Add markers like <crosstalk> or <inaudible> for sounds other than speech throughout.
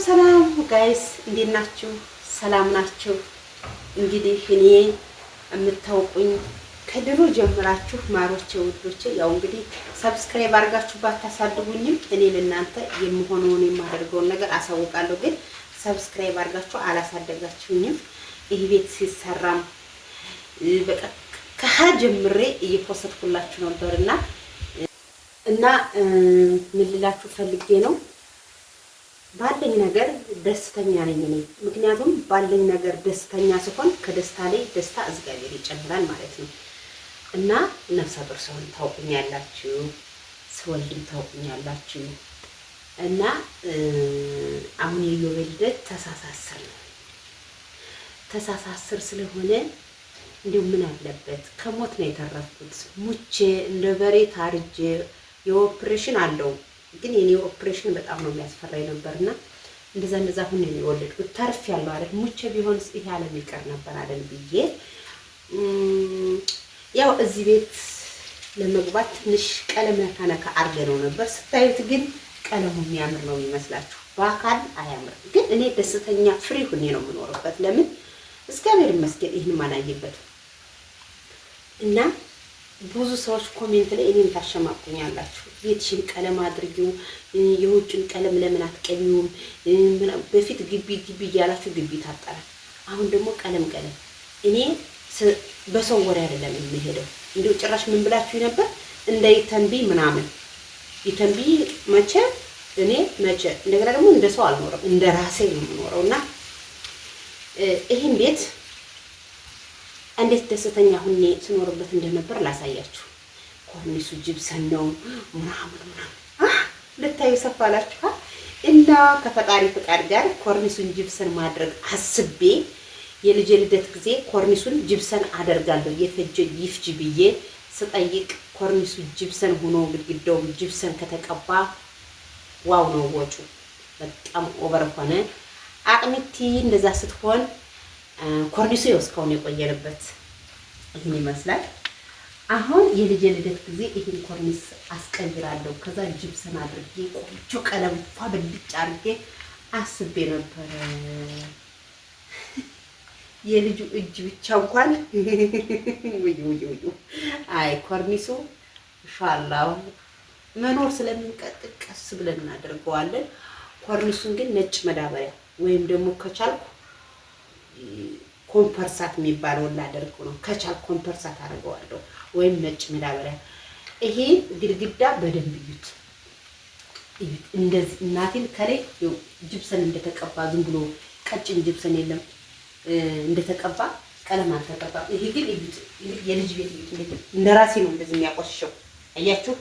ሰላም ሰላም ጋይስ እንዴት ናችሁ? ሰላም ናችሁ? እንግዲህ እኔ የምታውቁኝ ከድሮ ጀምራችሁ ማሮቼ ውዶቼ፣ ያው እንግዲህ ሰብስክራይብ አድርጋችሁ ባታሳድጉኝም እኔ ለእናንተ የምሆነውን የማደርገውን ነገር አሳውቃለሁ። ግን ሰብስክራይብ አድርጋችሁ አላሳደጋችሁኝም። ይህ ቤት ሲሰራም በቃ ከሀ ጀምሬ እየፖሰትኩላችሁ ነበርና እና እና ፈልጌ ነው ባለኝ ነገር ደስተኛ ነኝ እኔ። ምክንያቱም ባለኝ ነገር ደስተኛ ሲሆን ከደስታ ላይ ደስታ እግዚአብሔር ይጨምራል ማለት ነው። እና ነፍሰ ጡር ስሆን ታውቁኛላችሁ፣ ስወልድም ታውቁኛላችሁ። እና አሁን የኢዮቤል ልደት ነው። ተሳሳስር ስለሆነ እንዲሁ ምን አለበት ከሞት ነው የተረፍኩት። ሙቼ እንደ በሬ ታርጄ የኦፕሬሽን አለው ግን የኔ ኦፕሬሽን በጣም ነው የሚያስፈራ ነበርና እንደዛ እንደዛ ሁን የወለድኩት ተርፍ ያለው አይደል ሙቼ ስ ይሄ ዓለም ይቀር ነበር አይደል ብዬ ያው እዚህ ቤት ለመግባት ትንሽ ቀለም ነካ ነካ አርገ ነው ነበር። ስታዩት ግን ቀለሙ የሚያምር ነው የሚመስላችሁ፣ በአካል አያምር። ግን እኔ ደስተኛ ፍሪ ሁኔ ነው የምኖርበት። ለምን እግዚአብሔር ይመስገን ይህን አላየበትም እና ብዙ ሰዎች ኮሜንት ላይ እኔም ታሸማቁኛላችሁ። ቤትሽን ቀለም አድርጊው፣ የውጭን ቀለም ለምን አትቀቢውም? በፊት ግቢ ግቢ እያላችሁ ግቢ ታጠረ። አሁን ደግሞ ቀለም ቀለም። እኔ በሰው ወሬ አይደለም የምሄደው። እንዲሁ ጭራሽ ምን ብላችሁ ነበር እንዳይተንቢ ምናምን ይተንቢ መቼ እኔ መቼ እንደገና ደግሞ እንደ ሰው አልኖርም እንደ ራሴ ነው የምኖረው እና ይህን ቤት እንዴት ደስተኛ ሁኔ ስኖርበት እንደነበር ላሳያችሁ። ኮርኒሱ ጅብሰን ነው ምናምን ምናምን ልታዩ ሰፋላችኋል። እና ከፈጣሪ ፍቃድ ጋር ኮርኒሱን ጅብሰን ማድረግ አስቤ የልጅ ልደት ጊዜ ኮርኒሱን ጅብሰን አደርጋለሁ የፈጀ ይፍጅ ብዬ ስጠይቅ ኮርኒሱ ጅብሰን ሆኖ ግድግዳው ጅብሰን ከተቀባ ዋው ነው ወጩ በጣም ኦቨር ሆነ። አቅሚቲ እንደዛ ስትሆን ኮርኒሱ የው እስካሁን የቆየንበት ይህን ይመስላል። አሁን የልጅ ልደት ጊዜ ይህን ኮርኒስ አስቀይራለሁ። ከዛ ጅብሰን አድርጌ ቆንጆ ቀለም ፏ ብልጭ አድርጌ አስቤ ነበረ። <laughs> የልጁ እጅ ብቻ እንኳን <laughs> አይ ኮርኒሱ ኢንሻላህ መኖር ስለሚቀጥል ቀስ ብለን እናደርገዋለን። ኮርኒሱን ግን ነጭ መዳበሪያ ወይም ደግሞ ከቻልኩ ኮምፐርሳት የሚባለውን ላደርገው ነው። ከቻል ኮምፐርሳት አድርገዋለሁ ወይም ነጭ መዳበሪያ። ይሄ ግድግዳ በደንብ እዩት። እንደዚህ እናቴን ከላይ ጅብሰን እንደተቀባ ዝም ብሎ ቀጭን ጅብሰን የለም እንደተቀባ ቀለም አልተቀባ። ይሄ ግን የልጅ ቤት እንደ ራሴ ነው እንደዚህ የሚያቆሽሸው። አያችሁ፣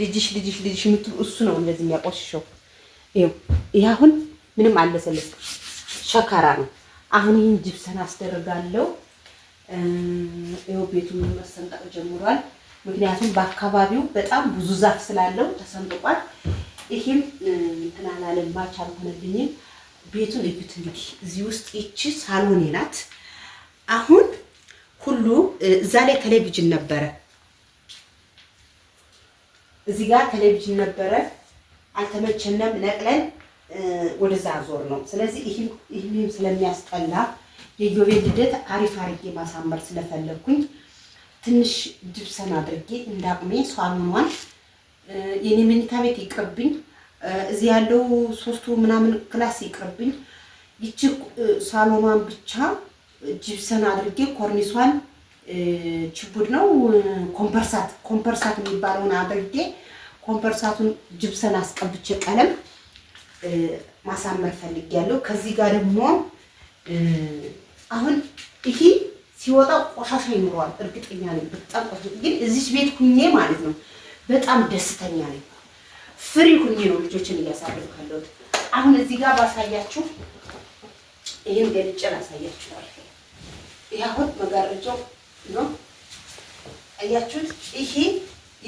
ልጅሽ ልጅሽ ልጅሽ የምትሉ እሱ ነው እንደዚህ የሚያቆሽሸው። ይሄ አሁን ምንም አለሰለስ ሸካራ ነው። አሁን ይህን ጅብሰን አስደርጋለሁ። ይኸው ቤቱን መሰንጠቅ ጀምሯል። ምክንያቱም በአካባቢው በጣም ብዙ ዛፍ ስላለው ተሰንጥቋል። ይህም እንትን አላለም፣ ማች አልሆነልኝም። ቤቱን እዩት እንግዲህ እዚህ ውስጥ ይቺ ሳሎኔ ናት። አሁን ሁሉ እዛ ላይ ቴሌቪዥን ነበረ፣ እዚህ ጋር ቴሌቪዥን ነበረ። አልተመቸነም ነቅለን ወደዛ ዞር ነው። ስለዚህ ይህም ስለሚያስጠላ የኢዮቤል ልደት አሪፍ አድርጌ ማሳመር ስለፈለግኩኝ ትንሽ ድብሰን አድርጌ እንዳቅሜ ሷኑኗን የኔ መኝታ ቤት ይቅርብኝ፣ እዚህ ያለው ሶስቱ ምናምን ክላስ ይቅርብኝ፣ ይቺ ሳሎኗን ብቻ ጅብሰን አድርጌ ኮርኒሷን ችቡድ ነው ኮምፐርሳት ኮምፐርሳት የሚባለውን አድርጌ ኮምፐርሳቱን ጅብሰን አስቀብቼ ቀለም ማሳመር ፈልጌያለሁ። ከዚህ ጋር ደግሞ አሁን ይሄ ሲወጣ ቆሻሻ ይኖረዋል፣ እርግጠኛ ነኝ። በጣም ቆሻሻ ግን እዚች ቤት ሁኜ ማለት ነው በጣም ደስተኛ ነኝ። ፍሪ ሁኜ ነው ልጆችን እያሳደግኩ ያለሁት። አሁን እዚህ ጋር ባሳያችሁ፣ ይህን ገልጬ ላሳያችኋል። ይህ አሁን መጋረጃው ነው፣ አያችሁት? ይሄ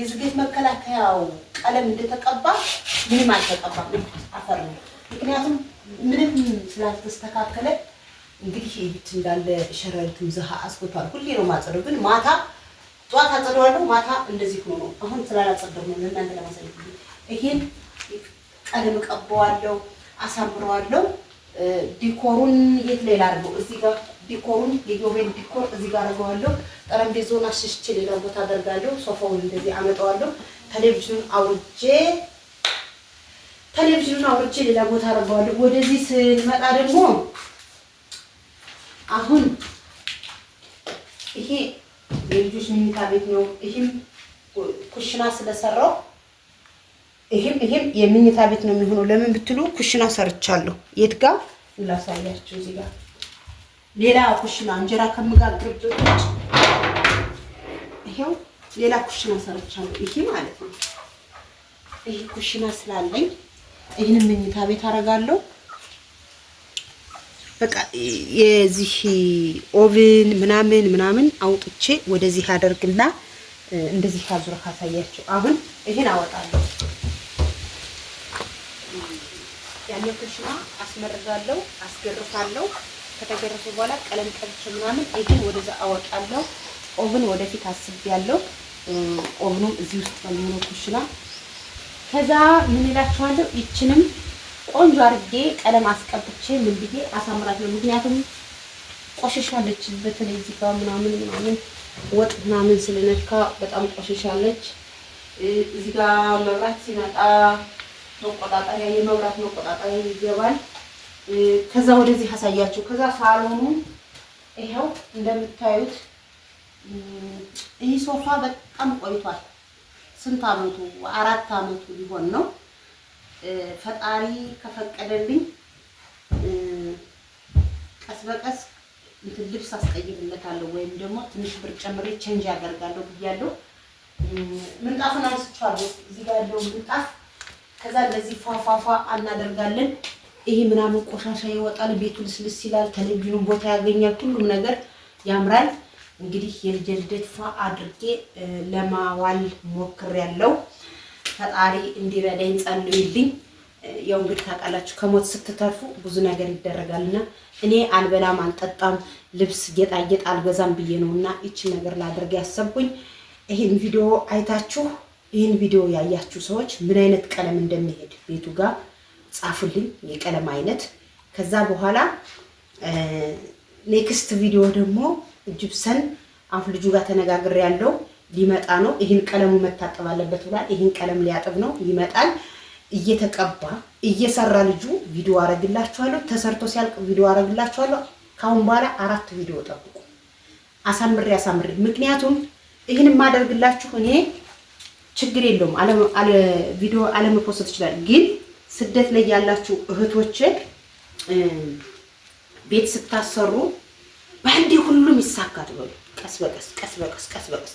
የዝገት መከላከያው ቀለም እንደተቀባ ምንም አልተቀባም። አፈር ነው። ምክንያቱም ምንም ስላልተስተካከለ እንግዲህ ይህች እንዳለ ሸረሪቱ ዝሃ አስጎቷል። ሁሌ ነው ማጸደው፣ ግን ማታ ጠዋት አጸደዋለሁ፣ ማታ እንደዚህ ሆኖ ነው። አሁን ስላላጸደው ነው ለእናንተ ለማሳየት። ይሄን ቀለም ቀበዋለሁ፣ አሳምረዋለሁ። ዲኮሩን የት ላይ ላድርገው? እዚህ ጋር ዲኮሩን የዮቤል ዲኮር እዚህ ጋር አድርገዋለሁ። ጠረጴዛውን አሽሽቼ ሌላ ቦታ አደርጋለሁ። ሶፋውን እንደዚህ አመጣዋለሁ። ቴሌቪዥኑን አውርጄ ቴሌቪዥኑን አውርቼ ሌላ ቦታ አደርገዋለሁ። ወደዚህ ስንመጣ ደግሞ አሁን ይሄ የልጆች መኝታ ቤት ነው። ይህም ኩሽና ስለሰራው ይህም ይህም የመኝታ ቤት ነው የሚሆነው። ለምን ብትሉ ኩሽና ሰርቻለሁ። የት ጋር ላሳያችሁ። እዚህ ጋር ሌላ ኩሽና እንጀራ ከምጋግርበት ውጭ ይሄው ሌላ ኩሽና ሰርቻለሁ። ይሄ ማለት ነው ይሄ ኩሽና ስላለኝ ይህንን መኝታ ቤት አደርጋለሁ። በቃ የዚህ ኦቭን ምናምን ምናምን አውጥቼ ወደዚህ አደርግና እንደዚህ ካዙረ ካሳያቸው አሁን ይህን አወጣለሁ። ያኛው ክሽማ አስመርዛለሁ፣ አስገርፋለሁ። ከተገረፈ በኋላ ቀለም ቀብቼ ምናምን ይህን ወደዛ አወጣለሁ። ኦቭን ወደፊት አስቤያለሁ። ኦቭኑም እዚህ ውስጥ ነው ኩሽና ከዛ ምን እላችኋለሁ ይችንም ቆንጆ አድርጌ ቀለም አስቀብቼ ምን ብዬ አሳምራት ነው። ምክንያቱም ቆሽሻለች፣ በተለይ እዚህ ጋር ምናምን ምናምን ወጥ ምናምን ስለነካ በጣም ቆሽሻለች። እዚህ ጋር መብራት ሲመጣ መቆጣጠሪያ የመብራት መቆጣጠሪያ ይገባል። ከዛ ወደዚህ አሳያችሁ። ከዛ ሳሎኑ ይኸው እንደምታዩት ይህ ሶፋ በጣም ቆይቷል። ስንት አመቱ አራት አመቱ ሊሆን ነው። ፈጣሪ ከፈቀደልኝ ቀስ በቀስ እንትን ልብስ አስቀይርለታለሁ ወይም ደግሞ ትንሽ ብር ጨምሬ ቼንጅ ያደርጋለሁ ብያለሁ። ምንጣፉን አንስቼዋለሁ። እዚህ ጋር ያለው ምንጣፍ ከዛ እንደዚህ ፏፏፏ እናደርጋለን። ይሄ ምናምን ቆሻሻ ይወጣል። ቤቱ ልስልስ ይላል። ቴሌቪዥኑ ቦታ ያገኛል። ሁሉም ነገር ያምራል። እንግዲህ የልጄ ልደት ፏ አድርጌ ለማዋል ያለው ፈጣሪ እንዲረዳኝ ጸልዩልኝ። ያው እንግዲህ ታውቃላችሁ ከሞት ስትተርፉ ብዙ ነገር ይደረጋልና እኔ አልበላም፣ አልጠጣም፣ ልብስ፣ ጌጣጌጥ አልገዛም ብዬ ነው እና ይችን ነገር ላድርግ ያሰብኩኝ። ይህን ቪዲዮ አይታችሁ ይህን ቪዲዮ ያያችሁ ሰዎች ምን አይነት ቀለም እንደሚሄድ ቤቱ ጋር ጻፉልኝ፣ የቀለም አይነት። ከዛ በኋላ ኔክስት ቪዲዮ ደግሞ ጅብሰን አሁን ልጁ ጋር ተነጋግሬ ያለው ሊመጣ ነው። ይህን ቀለሙ መታጠብ አለበት ብሏል። ይህን ቀለም ሊያጥብ ነው፣ ይመጣል። እየተቀባ እየሰራ ልጁ ቪዲዮ አረግላችኋለሁ። ተሰርቶ ሲያልቅ ቪዲዮ አረግላችኋለሁ። ከአሁን በኋላ አራት ቪዲዮ ጠብቁ። አሳምሬ አሳምሬ ምክንያቱም ይህን የማደርግላችሁ እኔ ችግር የለውም ቪዲዮ አለመፖስት ይችላል። ግን ስደት ላይ ያላችሁ እህቶች ቤት ስታሰሩ በአንዴ ሁሉም ይሳካል በሉ። ቀስ በቀስ ቀስ በቀስ ቀስ በቀስ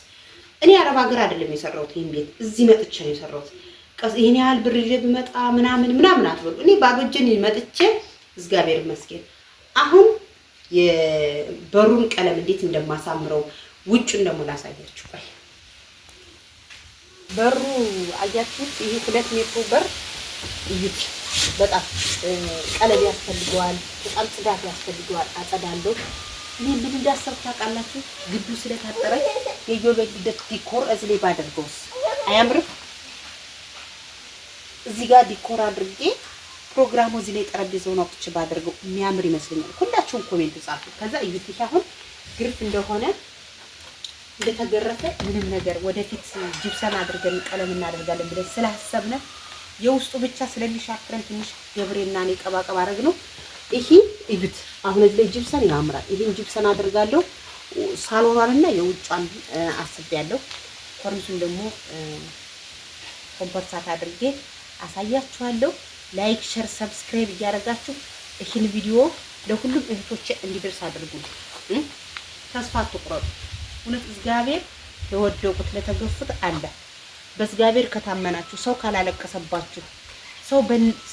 እኔ አረብ ሀገር አይደለም የሰራሁት ይህን ቤት እዚህ መጥቼ ነው የሰራሁት። ይህን ያህል ብር ይዤ ብመጣ ምናምን ምናምን አትበሉ። እኔ ባበጀን መጥቼ እግዚአብሔር ይመስገን። አሁን የበሩን ቀለም እንዴት እንደማሳምረው ውጭን ደግሞ ላሳያችሁ። ቆይ በሩ አያችሁት? ይሄ ሁለት ሜትሮ በር እዩት። በጣም ቀለም ያስፈልገዋል። በጣም ጽዳት ያስፈልገዋል። አጸዳለሁ እኔ ምን እንዳሰብኩ ታውቃላችሁ? ግቢው ስለታጠረ የዮቤል ዲኮር እዚህ ላይ ባደርገውስ አያምርም? እዚህ ጋር ዲኮር አድርጌ ፕሮግራሙ እዚህ ላይ ጠረጴዛውን አውጥቼ ባደርገው የሚያምር ይመስለኛል። ሁላችሁም ኮሜንት ጻፉ። ከዛ እዩት። አሁን ግርፍ እንደሆነ እንደተገረፈ ምንም ነገር ወደፊት ጅብሰን አድርገን ቀለም እናደርጋለን ብለን ስላሰብነ የውስጡ ብቻ ስለሚሻክረን ትንሽ ገብሬና እኔ ቀባቀባ አደረግነው። ይሄ እዩት። አሁን እዚህ ላይ ጅብሰን ያምራል። ይሄን ጅብሰን አድርጋለሁ ሳሎኗንና የውጫን አስቤያለሁ። ኮርኒሱን ደግሞ ኮምፐርሳት አድርጌ አሳያችኋለሁ። ላይክ፣ ሸር፣ ሰብስክራይብ እያደረጋችሁ ይህን ቪዲዮ ለሁሉም እህቶች እንዲደርስ አድርጉ። ተስፋ አትቁረጡ። እውነት እግዚአብሔር ለወደቁት ለተገፉት አለ። በእግዚአብሔር ከታመናችሁ ሰው ካላለቀሰባችሁ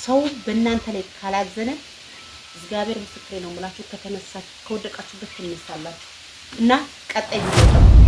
ሰው በእናንተ ላይ ካላዘነ እግዚአብሔር ምስክሬ ነው የምላችሁ። ከተነሳችሁ ከወደቃችሁበት ትነሳላችሁ እና ቀጣይ ቪዲዮ